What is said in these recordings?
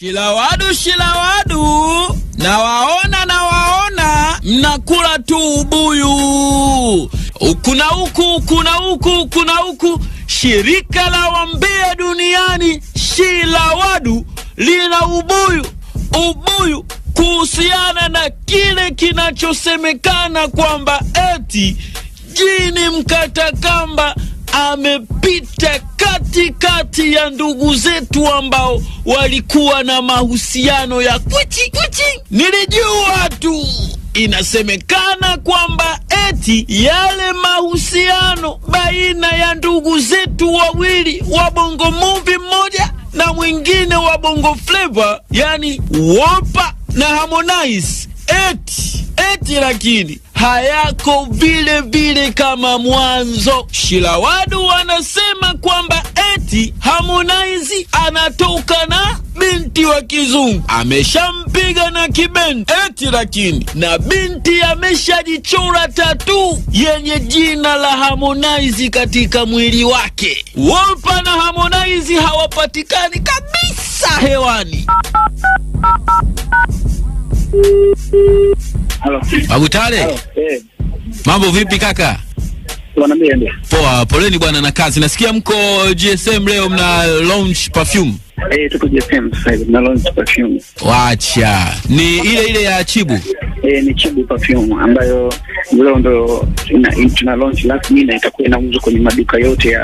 Shilawadu, shilawadu, nawaona, nawaona, mnakula tu ubuyu. Kuna huku, kuna huku, na huku. Shirika la wambea duniani Shilawadu lina ubuyu, ubuyu kuhusiana na kile kinachosemekana kwamba eti jini mkatakamba amepita katikati ya ndugu zetu ambao walikuwa na mahusiano ya kuchi kuchi. Nilijua tu inasemekana kwamba eti yale mahusiano baina ya ndugu zetu wawili wa Bongo Movie mmoja na mwingine wa Bongo Flava, yani Wopa na Harmonize eti eti, lakini hayako vile vile kama mwanzo. Shilawadu wanasema kwamba eti Harmonize anatoka na binti wa kizungu ameshampiga na kibendi eti, lakini na binti ameshajichora tatu yenye jina la Harmonize katika mwili wake. Wolpa na Harmonize hawapatikani kabisa hewani Abutale. eh. Mambo vipi kaka? Poa, poleni bwana na kazi. Nasikia mko GSM leo mna launch perfume. Eh, tuko GSM sasa hivi mna launch perfume. Wacha. Ni ile ile ya Chibu. Eh, ni Chibu perfume ambayo leo ndo tuna launch rasmi na itakuwa inauzwa kwenye maduka yote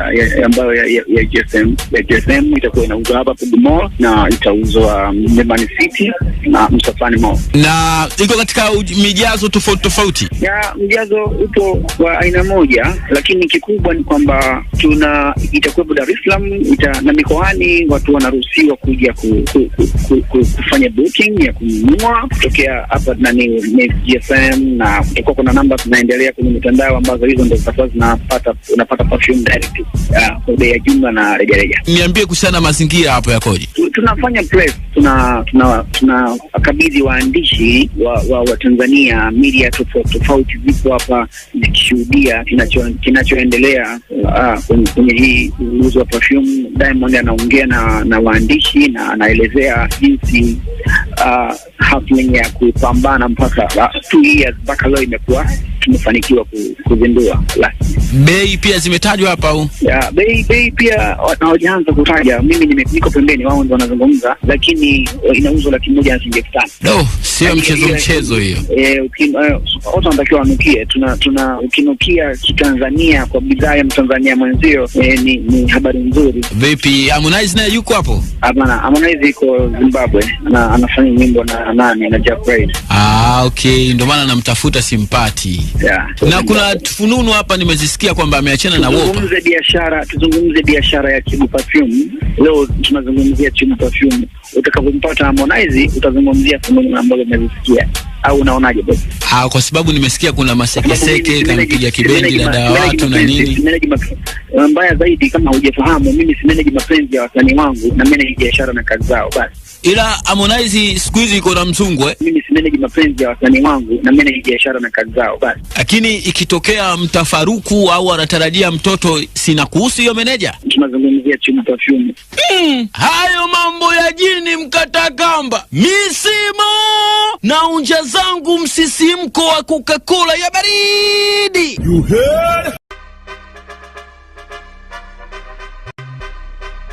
ambayo ya, ya, ya, ya GSM ya GSM itakuwa inauzwa hapa Pugu Mall na itauzwa Mlimani City na Msafani Mall, na iko katika mijazo tofauti tofauti. Ya mjazo upo wa aina moja, lakini kikubwa ni kwamba tuna itakuwepo Dar es Salaam ita, na mikoani watu wanaruhusiwa kuja ku, ku, ku, ku, ku, kufanya booking ya kununua kutokea hapa nani GSM na kutakuwa kuna namba kwamba zinaendelea kwenye mitandao ambazo hizo ndo zitakuwa zinapata unapata perfume direct ah, kwa bei ya jumla na rejareja. Niambie kuhusiana na mazingira hapo yakoje? Tunafanya press, tuna tuna tuna kabidhi waandishi wa, wa, wa Tanzania media tofauti tofauti zipo hapa zikishuhudia kinacho kinachoendelea ah, kwenye hii uuzi wa perfume. Diamond anaongea na na waandishi na anaelezea jinsi uh, happening ya kupambana mpaka uh, two years mpaka leo imekuwa tumefanikiwa kuzindua rasmi. Bei pia zimetajwa hapa au? Ya, bei bei pia hawajaanza kutaja. Mimi niko pembeni, wao ndo wanazungumza, lakini eh, inauzwa laki moja na shilingi elfu tano. No, sio mchezo mchezo hiyo. Eh, eh, watu wanatakiwa wanukie. Tuna tuna ukinukia kitanzania kwa bidhaa ya Mtanzania mwenzio eh, ni, ni habari nzuri. Vipi Harmonize naye yuko hapo? Hapana, Harmonize iko Zimbabwe na anafanya nyimbo na nani na Jack Braid. Ah, okay, ndio maana namtafuta simpati. Yeah, na kuna fununu hapa nimezisikia kwamba ameachana na Wopa. Tuzungumze biashara, tuzungumze biashara ya Chibu Perfume. Leo tunazungumzia Chibu Perfume. Utakapompata Harmonize utazungumzia fununu ambazo umezisikia au unaonaje basi? Ah, kwa sababu nimesikia kuna masekeseke kampiga kibendi na dawa watu na nini. Mbaya zaidi, kama hujafahamu, mimi si manage mapenzi ya wasanii wangu na manage biashara na kazi zao basi Ila Harmonize siku hizi iko na msungwe eh? Mimi si mapenzi ya wasanii wangu na manage biashara na kazi zao basi. Lakini ikitokea mtafaruku au anatarajia mtoto, sina kuhusu hiyo meneja. Tunazungumzia Chuma Perfume. Mm, hayo mambo ya jini mkata Misimo na unja zangu msisimko wa kukakula ya baridi. You heard?